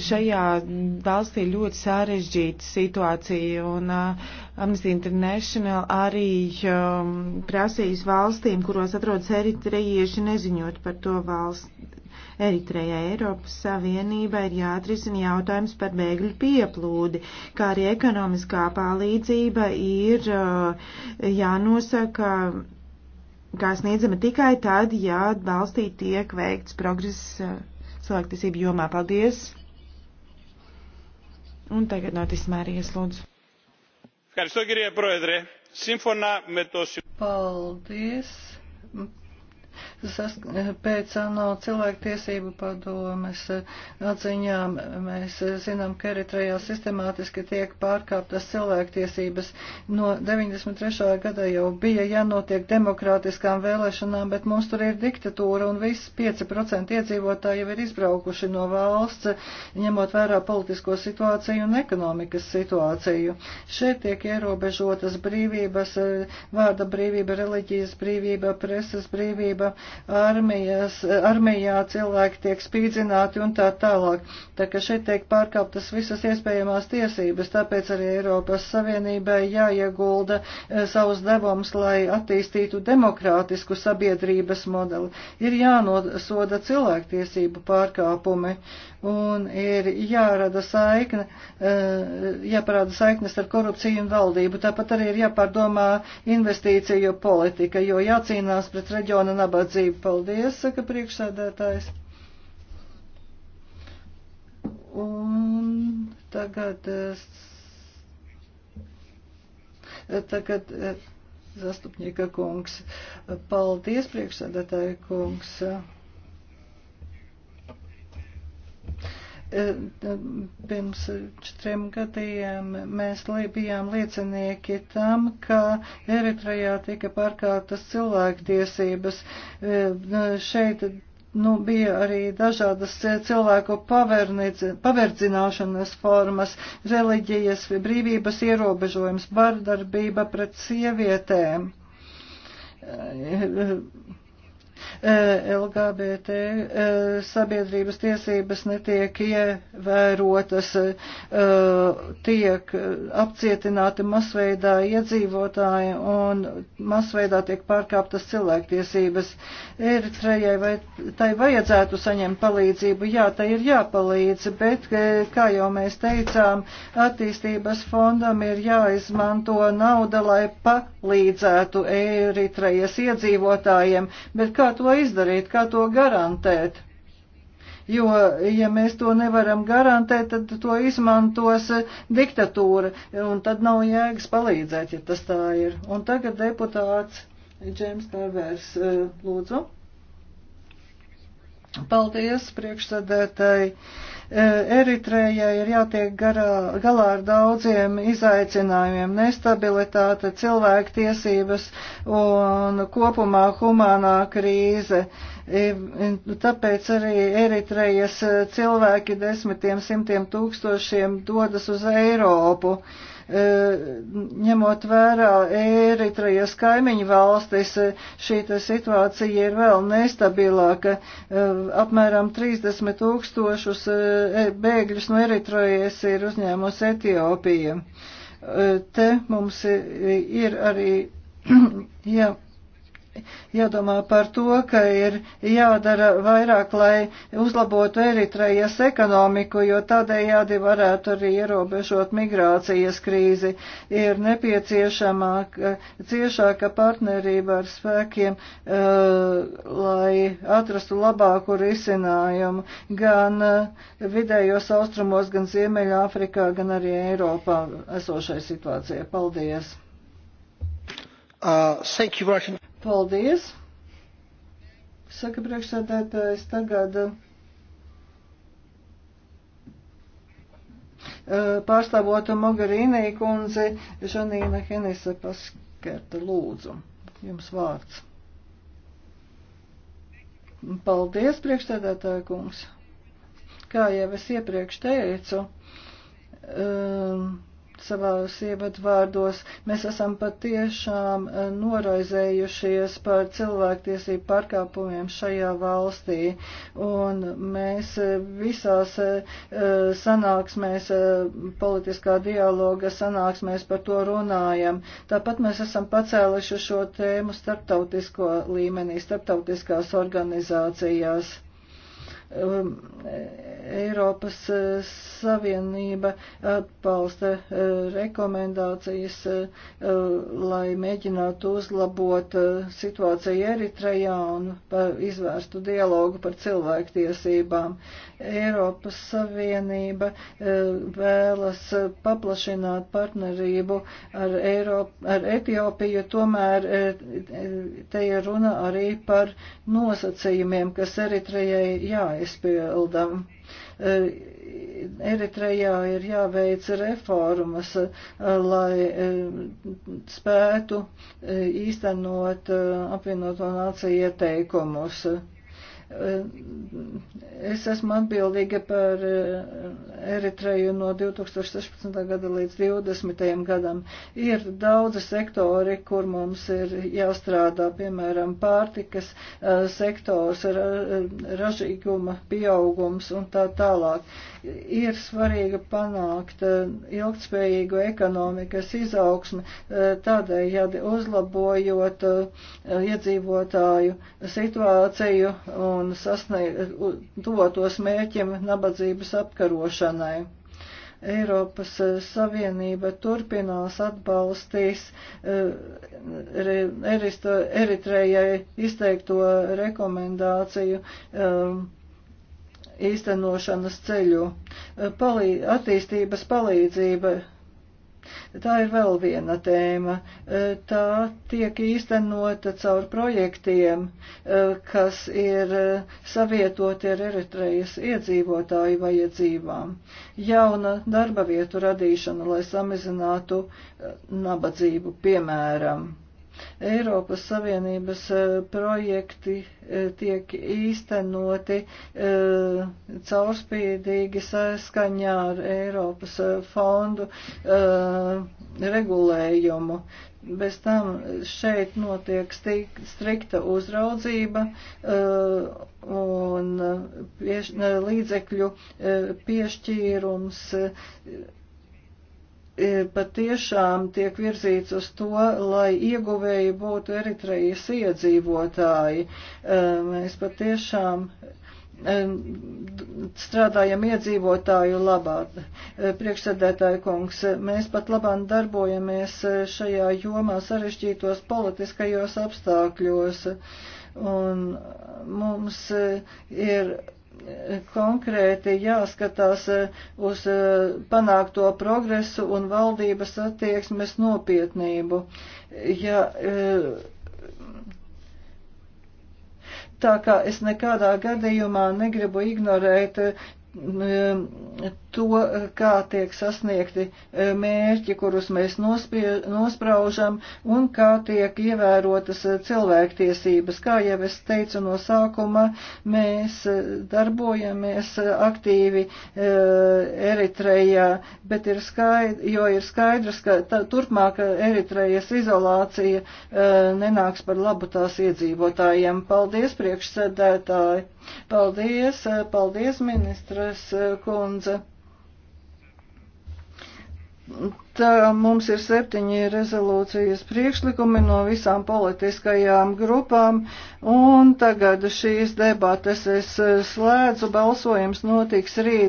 Šajā valstī ir ļoti sarežģīta situācija, un uh, Amnesty International arī um, prasīs valstīm, kuros atrodas eritrejieši, neziņot par to valsts. Eritrejā Eiropas Savienība ir jāatrisina jautājums par bēgļu pieplūdi, kā arī ekonomiskā palīdzība ir uh, jānosaka kā sniedzama tikai tad, ja valstī tiek veikts progress eh, cilvēktiesību jomā. Paldies! Un tagad notis Mērijas lūdzu. Paldies! Sas, pēc ANO cilvēktiesību padomes atziņām mēs zinām, ka Eritrejā sistemātiski tiek pārkāptas cilvēktiesības. No 93. gada jau bija jānotiek demokrātiskām vēlēšanām, bet mums tur ir diktatūra un viss 5% iedzīvotāji jau ir izbraukuši no valsts, ņemot vērā politisko situāciju un ekonomikas situāciju. Šeit tiek ierobežotas brīvības, vārda brīvība, reliģijas brīvība, preses brīvība armijas, armijā cilvēki tiek spīdzināti un tā tālāk. Tā ka šeit tiek pārkāptas visas iespējamās tiesības, tāpēc arī Eiropas Savienībai jāiegulda eh, savus devumus, lai attīstītu demokrātisku sabiedrības modeli. Ir jānosoda cilvēktiesību pārkāpumi. Uh, un ir jārada saikne, eh, jāparāda saiknes ar korupciju un valdību. Tāpat arī ir jāpārdomā investīciju politika, jo jācīnās pret reģiona nabadzību. Paldies, saka priekšsēdētājs. Un tagad, eh, tagad eh, zastupnieka kungs. Paldies, priekšsēdētāja kungs. Pirms četriem gadiem mēs bijām liecinieki tam, ka Eritrejā tika pārkārtas cilvēktiesības. E, šeit nu, bija arī dažādas e, cilvēku paverdzināšanas formas, reliģijas brīvības ierobežojums, bardarbība pret sievietēm e, Eh, LGBT eh, sabiedrības tiesības netiek ievērotas, eh, tiek apcietināti masveidā iedzīvotāji un masveidā tiek pārkāptas cilvēktiesības. Eritrejai vai tai vajadzētu saņemt palīdzību? Jā, tai ir jāpalīdz, bet, kā jau mēs teicām, attīstības fondam ir jāizmanto nauda, lai palīdzētu Eritrejas iedzīvotājiem, bet kā to izdarīt, kā to garantēt? Jo, ja mēs to nevaram garantēt, tad to izmantos diktatūra, un tad nav jēgas palīdzēt, ja tas tā ir. Un tagad deputāts Džēms Tarvērs, e, lūdzu. Paldies, priekšsēdētāji. Uh, E, Eritrējai ir jātiek garā, galā ar daudziem izaicinājumiem - nestabilitāte, cilvēktiesības un kopumā humānā krīze. E, tāpēc arī Eritrejas cilvēki desmitiem simtiem tūkstošiem dodas uz Eiropu. Uh, E, ņemot vērā Eritrejas kaimiņu valstis, šī situācija ir vēl nestabilāka. E, apmēram 30 tūkstošus e, bēgļus no Eritrejas ir uzņēmusi Etiopija. Te mums ir arī, jā jādomā par to, ka ir jādara vairāk, lai uzlabotu Eritrejas ekonomiku, jo tādējādi varētu arī ierobežot migrācijas krīzi. Ir nepieciešama ciešāka partnerība ar spēkiem, uh, lai atrastu labāku risinājumu gan uh, vidējos austrumos, gan Ziemeļāfrikā, gan arī Eiropā esošai situācijai. Paldies! Uh, thank you very much. Paldies! Saka priekšsēdētājs tagad pārstāvota Mogarīnī kundze Žanīna Henisa Paskerta lūdzu. Jums vārds. Paldies, priekšsēdētāja kungs! Kā jau es iepriekš teicu, um, teikt savās ievadvārdos, mēs esam patiešām eh, noraizējušies par cilvēktiesību pārkāpumiem šajā valstī. Un mēs eh, visās eh, sanāksmēs, politiskā dialoga sanāksmēs par to runājam. Tāpat mēs esam pacēluši šo tēmu starptautisko līmenī, starptautiskās organizācijās. Um, Eiropas uh, Savienība atbalsta uh, rekomendācijas, uh, lai mēģinātu uzlabot situāciju Eritrejā un izvērstu dialogu par cilvēktiesībām. Eiropas Savienība vēlas paplašināt partnerību ar, Eiropu, ar Etiopiju, tomēr te ir runa arī par nosacījumiem, kas Eritrejai jāizsaka neizpildām. E, Eritrejā ir jāveic reformas, e, lai e, spētu īstenot apvienoto nāciju ieteikumus. Es esmu atbildīga par eh, Eritreju no 2016. gada līdz 2020. gadam. Ir daudzi sektori, kur mums ir jāstrādā, piemēram, pārtikas eh, sektors, ražīguma pieaugums un tā tālāk ir svarīgi panākt eh, ilgtspējīgu ekonomikas izaugsmi, eh, tādējādi uzlabojot eh, iedzīvotāju situāciju un sasniegt tuvotos mērķiem nabadzības apkarošanai. Eiropas Savienība turpinās atbalstīs Eritrējai izteikto rekomendāciju īstenošanas ceļu. Palī, attīstības palīdzība Tā ir vēl viena tēma. Tā tiek īstenota caur projektiem, kas ir savietoti ar Eritrejas iedzīvotāju vajadzībām. Jauna darba vietu radīšana, lai samazinātu nabadzību, piemēram Eiropas Savienības e, projekti e, tiek īstenoti e, caurspīdīgi saskaņā ar Eiropas fondu regulējumu. Bez tam šeit notiek strikta uzraudzība un līdzekļu piešķīrums E, patiešām tiek virzīts uz to, lai ieguvēji būtu Eritrejas iedzīvotāji. E, mēs patiešām e, strādājam iedzīvotāju labā. Priekšsēdētāju kungs, mēs pat labāk darbojamies šajā jomā sarežģītos politiskajos apstākļos, un mums ir konkrēti jāskatās eh, uz eh, panākto progresu un valdības attieksmes nopietnību. Ja, eh, tā kā es nekādā gadījumā negribu ignorēt to, eh, kā tiek sasniegti eh, mērķi, kurus mēs nospie, nospraužam, un kā tiek ievērotas eh, cilvēktiesības. Kā jau es teicu no sākuma, mēs darbojamies aktīvi Eritrejā, bet ir skaidrs, jo ir skaidrs, ka tā, turpmāk Eritrejas izolācija nenāks par labu tās iedzīvotājiem. Paldies, priekšsēdētāji! Paldies, paldies, ministras kundze! Tā mums ir septiņi rezolūcijas priekšlikumi no visām politiskajām grupām, un tagad šīs debates es slēdzu, balsojums notiks rīt.